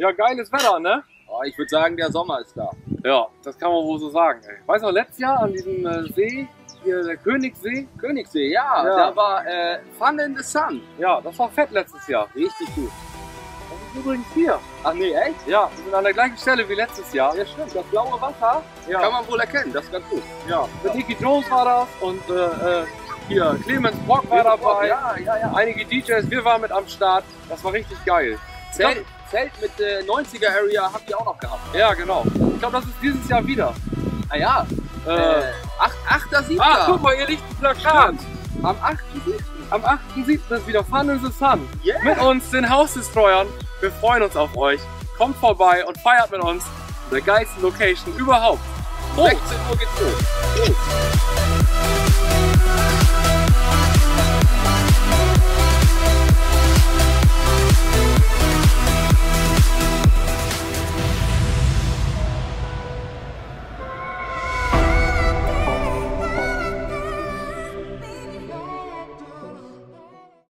Ja, geiles Wetter, ne? Oh, ich würde sagen, der Sommer ist da. Ja, das kann man wohl so sagen. Ey. Weißt du, letztes Jahr an diesem äh, See, hier der Königssee? Königssee, ja. ja. Da war äh, Fun in the Sun. Ja, das war fett letztes Jahr. Richtig gut. Das ist übrigens hier. Ach nee, echt? Ja, wir sind an der gleichen Stelle wie letztes Jahr. Ja, stimmt. Das blaue Wasser ja. kann man wohl erkennen. Das ist ganz gut. Ja, ja. Nicky Jones war das und äh, äh hier Clemens Brock war dabei. Ja, ja, ja. Einige DJs, wir waren mit am Start. Das war richtig geil. Zelt, Zelt mit äh, 90er Area habt ihr auch noch gehabt. Ja, genau. Ich glaube, das ist dieses Jahr wieder. Ah ja. Äh, äh, 8, 8, 7. Ah, guck mal, ihr liegt ein Plakat. Am 8. Am 8.7. ist wieder Fun in the Sun. Yeah. Mit uns, den Hausdestroyern. Wir freuen uns auf euch. Kommt vorbei und feiert mit uns. In der geilsten Location überhaupt. Oh. 16 Uhr geht's los. Oh.